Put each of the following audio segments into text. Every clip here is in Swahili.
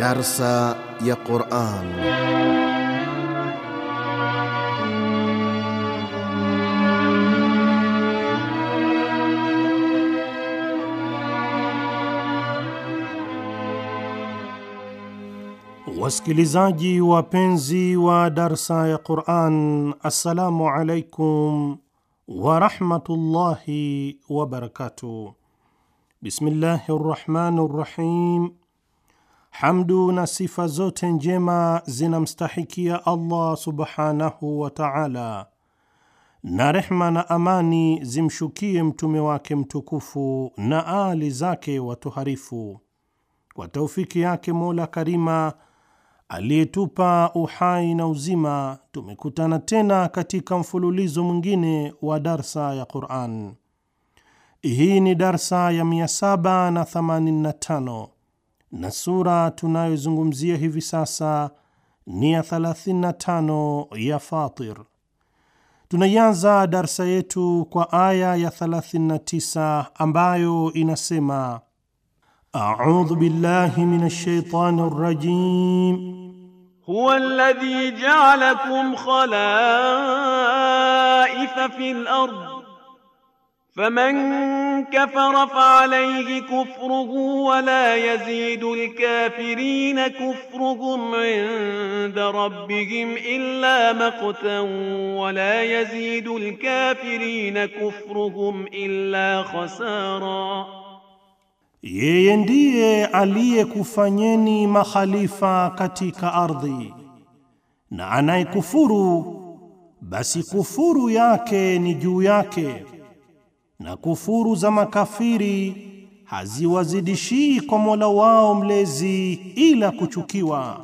درس يا قرآن Wasikilizaji wapenzi wa darsa ya Qur'an, assalamu alaikum wa rahmatullahi wa barakatuh. Bismillahir rahim Hamdu na sifa zote njema zinamstahikia Allah subhanahu wa ta'ala, na rehma na amani zimshukie mtume wake mtukufu na aali zake watoharifu. Kwa taufiki yake Mola Karima aliyetupa uhai na uzima, tumekutana tena katika mfululizo mwingine wa darsa ya Qur'an. Hii ni darsa ya 785 na sura tunayozungumzia hivi sasa ni ya 35 ya Fatir. Tunaianza darsa yetu kwa aya ya 39 ambayo inasema: audhu billahi minash shaitani rajim huwa alladhi ja'alakum khala'ifa fil ardh فمن كفر فعليه كفره ولا يزيد الكافرين كفرهم عند ربهم إلا مقتا ولا يزيد الكافرين كفرهم إلا خسارا yeye ndiye aliyekufanyeni makhalifa katika ardhi na anayekufuru basi kufuru yake ni juu yake na kufuru za makafiri haziwazidishii kwa Mola wao mlezi ila kuchukiwa,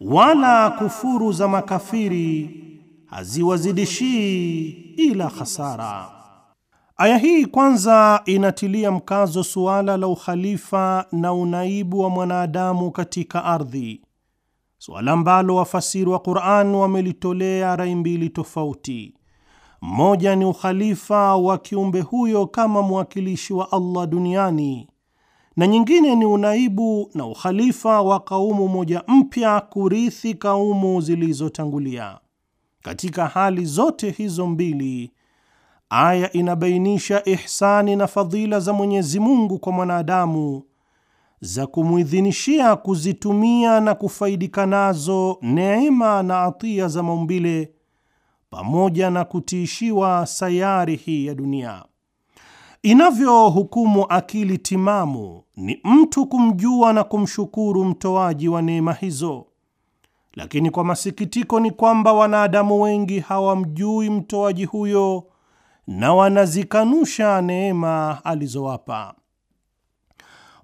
wala kufuru za makafiri haziwazidishii ila hasara. Aya hii kwanza inatilia mkazo suala la ukhalifa na unaibu wa mwanadamu katika ardhi, suala ambalo wafasiri wa Qur'an wamelitolea rai mbili tofauti. Mmoja ni ukhalifa wa kiumbe huyo kama mwakilishi wa Allah duniani na nyingine ni unaibu na ukhalifa wa kaumu moja mpya kurithi kaumu zilizotangulia. Katika hali zote hizo mbili, aya inabainisha ihsani na fadhila za Mwenyezi Mungu kwa mwanadamu za kumwidhinishia kuzitumia na kufaidika nazo neema na atia za maumbile pamoja na kutiishiwa sayari hii ya dunia. Inavyohukumu akili timamu ni mtu kumjua na kumshukuru mtoaji wa neema hizo, lakini kwa masikitiko ni kwamba wanadamu wengi hawamjui mtoaji huyo na wanazikanusha neema alizowapa.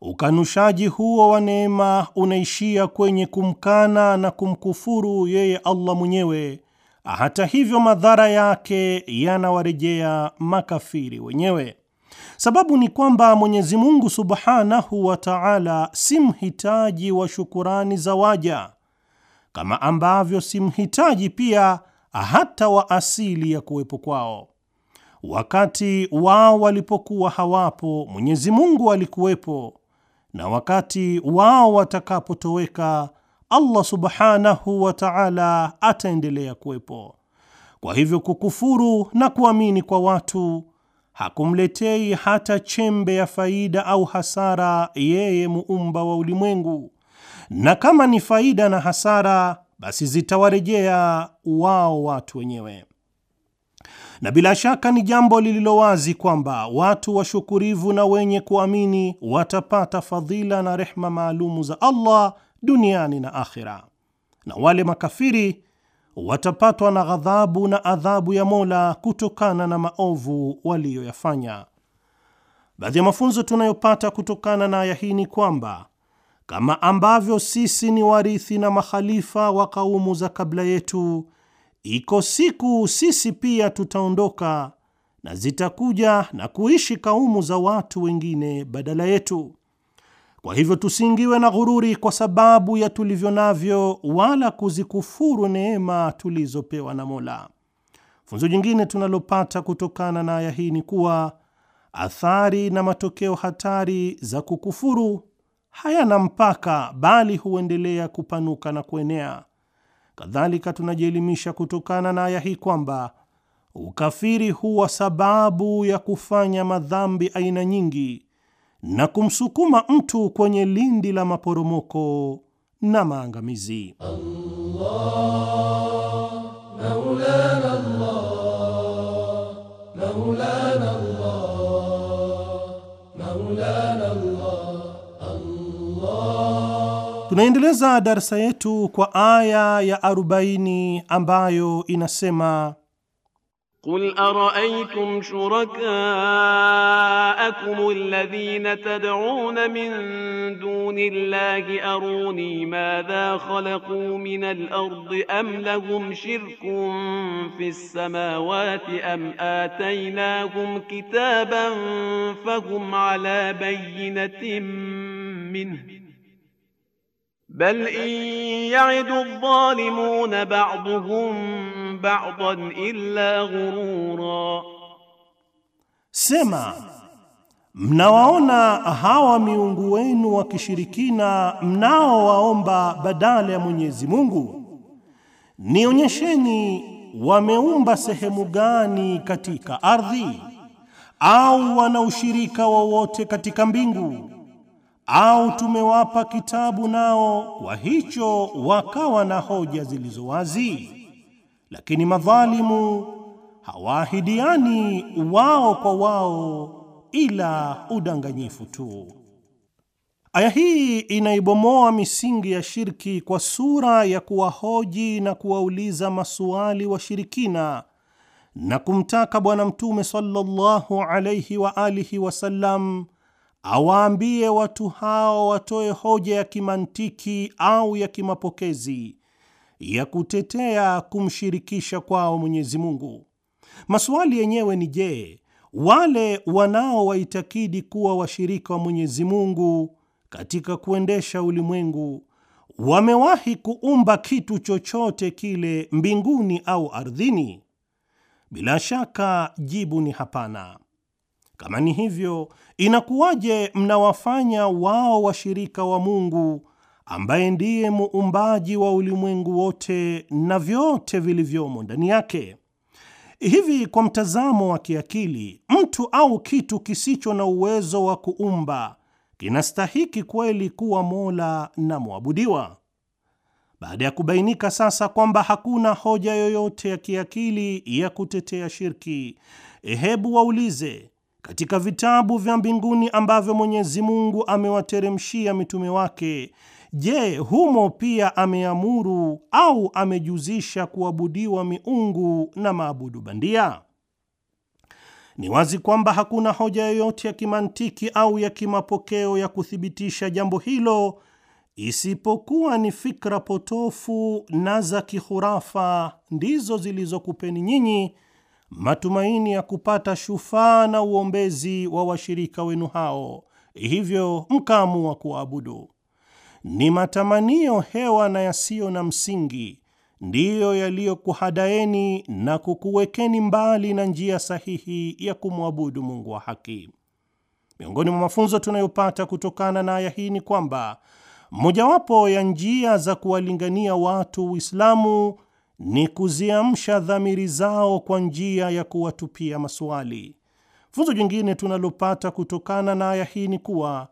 Ukanushaji huo wa neema unaishia kwenye kumkana na kumkufuru yeye Allah mwenyewe hata hivyo, madhara yake yanawarejea makafiri wenyewe. Sababu ni kwamba Mwenyezi Mungu Subhanahu wa Ta'ala si mhitaji wa shukurani za waja, kama ambavyo si mhitaji pia hata wa asili ya kuwepo kwao. Wakati wao walipokuwa hawapo, Mwenyezi Mungu alikuwepo, na wakati wao watakapotoweka, Allah subhanahu wa ta'ala ataendelea kuwepo. Kwa hivyo kukufuru na kuamini kwa watu hakumletei hata chembe ya faida au hasara yeye muumba wa ulimwengu, na kama ni faida na hasara, basi zitawarejea wao watu wenyewe. Na bila shaka ni jambo lililo wazi kwamba watu washukurivu na wenye kuamini watapata fadhila na rehma maalumu za Allah duniani na akhira, na wale makafiri watapatwa na ghadhabu na adhabu ya Mola kutokana na maovu waliyoyafanya. Baadhi ya mafunzo tunayopata kutokana na aya hii ni kwamba kama ambavyo sisi ni warithi na makhalifa wa kaumu za kabla yetu, iko siku sisi pia tutaondoka na zitakuja na kuishi kaumu za watu wengine badala yetu. Kwa hivyo tusiingiwe na ghururi kwa sababu ya tulivyo navyo, wala kuzikufuru neema tulizopewa na Mola. Funzo jingine tunalopata kutokana na aya hii ni kuwa athari na matokeo hatari za kukufuru hayana mpaka, bali huendelea kupanuka na kuenea. Kadhalika, tunajielimisha kutokana na aya hii kwamba ukafiri huwa sababu ya kufanya madhambi aina nyingi na kumsukuma mtu kwenye lindi la maporomoko na maangamizi. Tunaendeleza darsa yetu kwa aya ya 40 ambayo inasema قل أرأيتم شركاءكم الذين تدعون من دون الله أروني ماذا خلقوا من الأرض أم لهم شرك في السماوات أم آتيناهم كتابا فهم على بينة منه بل إن يعد الظالمون بعضهم ba'dha illa ghurura, sema mnawaona hawa miungu wenu wa kishirikina mnaowaomba badala ya Mwenyezi Mungu, nionyesheni wameumba sehemu gani katika ardhi au wana ushirika wowote katika mbingu au tumewapa kitabu nao kwa hicho wakawa na hoja zilizo wazi? lakini madhalimu hawaahidiani wao kwa wao ila udanganyifu tu. Aya hii inaibomoa misingi ya shirki kwa sura ya kuwahoji na kuwauliza masuali washirikina na kumtaka Bwana Mtume sallallahu alaihi wa alihi wasallam awaambie watu hao watoe hoja ya kimantiki au ya kimapokezi ya kutetea kumshirikisha kwao Mwenyezi Mungu. Maswali yenyewe ni je, wale wanaowaitakidi kuwa washirika wa Mwenyezi Mungu katika kuendesha ulimwengu wamewahi kuumba kitu chochote kile mbinguni au ardhini? Bila shaka jibu ni hapana. Kama ni hivyo, inakuwaje mnawafanya wao washirika wa Mungu ambaye ndiye muumbaji wa ulimwengu wote na vyote vilivyomo ndani yake. Hivi kwa mtazamo wa kiakili, mtu au kitu kisicho na uwezo wa kuumba kinastahiki kweli kuwa mola na mwabudiwa? Baada ya kubainika sasa kwamba hakuna hoja yoyote ya kiakili ya kutetea shirki, hebu waulize katika vitabu vya mbinguni ambavyo Mwenyezi Mungu amewateremshia mitume wake Je, humo pia ameamuru au amejuzisha kuabudiwa miungu na maabudu bandia? Ni wazi kwamba hakuna hoja yoyote ya kimantiki au ya kimapokeo ya kuthibitisha jambo hilo isipokuwa ni fikra potofu na za kihurafa ndizo zilizokupeni nyinyi matumaini ya kupata shufaa na uombezi wa washirika wenu hao, hivyo mkaamua kuabudu ni matamanio hewa na yasiyo na msingi ndiyo yaliyokuhadaeni na kukuwekeni mbali na njia sahihi ya kumwabudu Mungu wa haki. Miongoni mwa mafunzo tunayopata kutokana na aya hii ni kwamba mojawapo ya njia za kuwalingania watu Uislamu ni kuziamsha dhamiri zao kwa njia ya kuwatupia maswali. Funzo jingine tunalopata kutokana na aya hii ni kuwa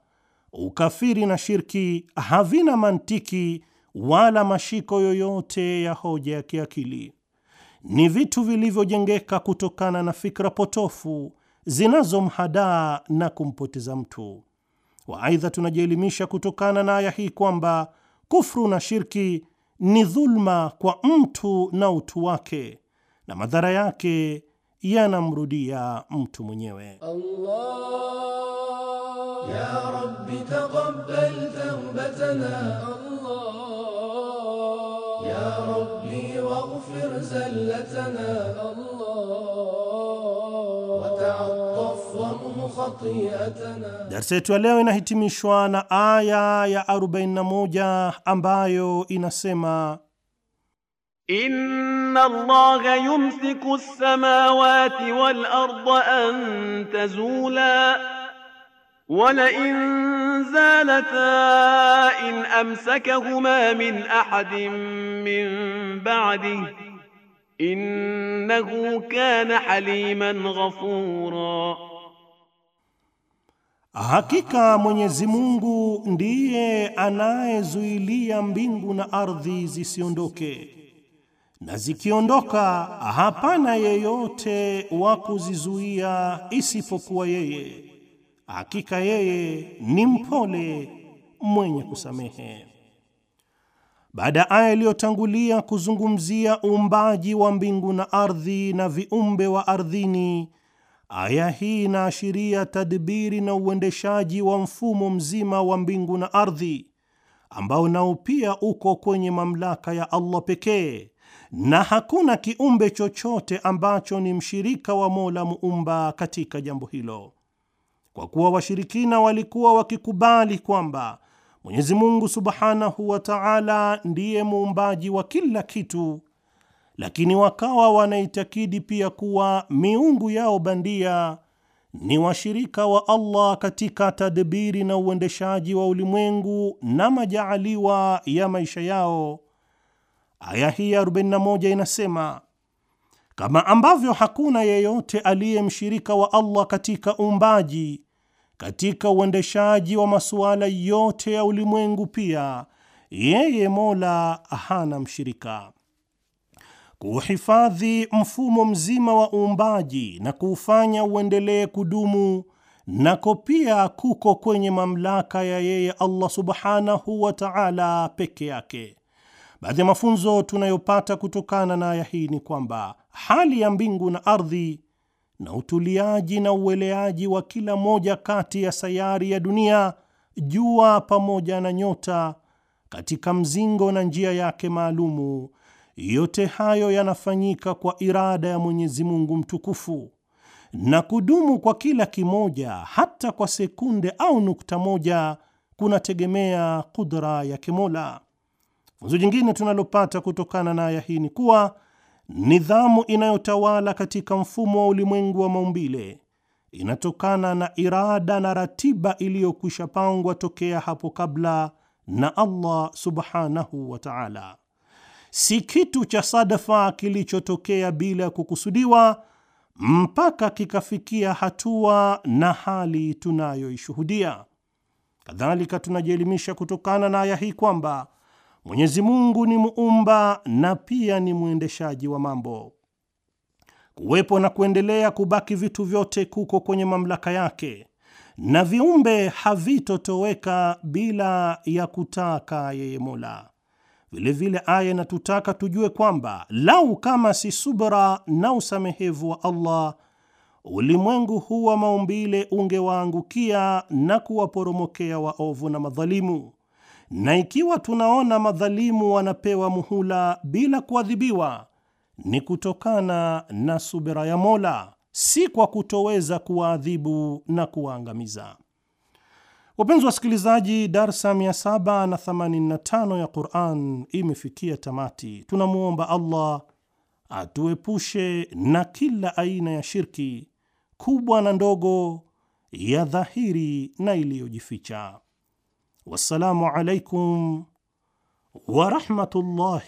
ukafiri na shirki havina mantiki wala mashiko yoyote ya hoja ya kiakili. Ni vitu vilivyojengeka kutokana na fikra potofu zinazomhadaa na kumpoteza mtu. Waaidha, tunajielimisha kutokana na aya hii kwamba kufru na shirki ni dhulma kwa mtu na utu wake, na madhara yake yanamrudia mtu mwenyewe Allah. تقبل توبتنا الله يا ربي واغفر زلتنا الله وتعطف وامه خطيئتنا درس ya leo inahitimishwa na aya ya 41 ambayo inasema إن الله يمسك السماوات والأرض أن تزولا in زالتا إن أمسكهما من أحد من بعده إنه كان حليما غفورا Hakika Mwenyezi Mungu ndiye anayezuilia mbingu na ardhi zisiondoke, na zikiondoka hapana yeyote wa kuzizuia isipokuwa yeye hakika yeye ni mpole mwenye kusamehe. Baada ya aya iliyotangulia kuzungumzia uumbaji wa mbingu na ardhi na viumbe wa ardhini, aya hii inaashiria tadbiri na uendeshaji wa mfumo mzima wa mbingu na ardhi ambao nao pia uko kwenye mamlaka ya Allah pekee, na hakuna kiumbe chochote ambacho ni mshirika wa Mola muumba katika jambo hilo kwa kuwa washirikina walikuwa wakikubali kwamba Mwenyezi Mungu Subhanahu wa Ta'ala ndiye muumbaji wa kila kitu, lakini wakawa wanaitakidi pia kuwa miungu yao bandia ni washirika wa Allah katika tadbiri na uendeshaji wa ulimwengu na majaaliwa ya maisha yao. Aya hii ya 41 inasema kama ambavyo hakuna yeyote aliye mshirika wa Allah katika uumbaji katika uendeshaji wa masuala yote ya ulimwengu pia yeye Mola hana mshirika. Kuhifadhi mfumo mzima wa uumbaji na kuufanya uendelee kudumu nako pia kuko kwenye mamlaka ya yeye Allah subhanahu wa ta'ala peke yake. Baadhi ya mafunzo tunayopata kutokana na aya hii ni kwamba hali ya mbingu na ardhi na utuliaji na ueleaji wa kila moja kati ya sayari ya dunia, jua pamoja na nyota, katika mzingo na njia yake maalumu. Yote hayo yanafanyika kwa irada ya Mwenyezi Mungu mtukufu na kudumu kwa kila kimoja hata kwa sekunde au nukta moja kunategemea kudra ya Kimola. Funzo jingine tunalopata kutokana na aya hii ni kuwa Nidhamu inayotawala katika mfumo wa ulimwengu wa maumbile inatokana na irada na ratiba iliyokwisha pangwa tokea hapo kabla na Allah subhanahu wa ta'ala. Si kitu cha sadafa kilichotokea bila ya kukusudiwa mpaka kikafikia hatua na hali tunayoishuhudia. Kadhalika tunajielimisha kutokana na aya hii kwamba Mwenyezi Mungu ni muumba na pia ni mwendeshaji wa mambo. Kuwepo na kuendelea kubaki vitu vyote kuko kwenye mamlaka yake, na viumbe havitotoweka bila ya kutaka yeye Mola. Vilevile aya inatutaka tujue kwamba lau kama si subra na usamehevu wa Allah, ulimwengu huu wa maumbile ungewaangukia na kuwaporomokea waovu na madhalimu na ikiwa tunaona madhalimu wanapewa muhula bila kuadhibiwa, ni kutokana na subira ya Mola, si kwa kutoweza kuwaadhibu na kuwaangamiza. Wapenzi wasikilizaji, darsa 785 ya Quran imefikia tamati. Tunamwomba Allah atuepushe na kila aina ya shirki kubwa na ndogo, ya dhahiri na iliyojificha. والسلام عليكم ورحمة الله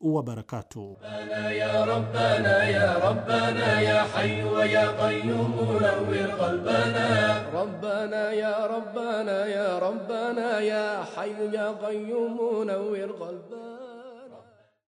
وبركاته ربنا يا ربنا يا ربنا يا حي ويا قيوم نور قلبنا ربنا يا ربنا يا ربنا يا حي يا قيوم نور قلبنا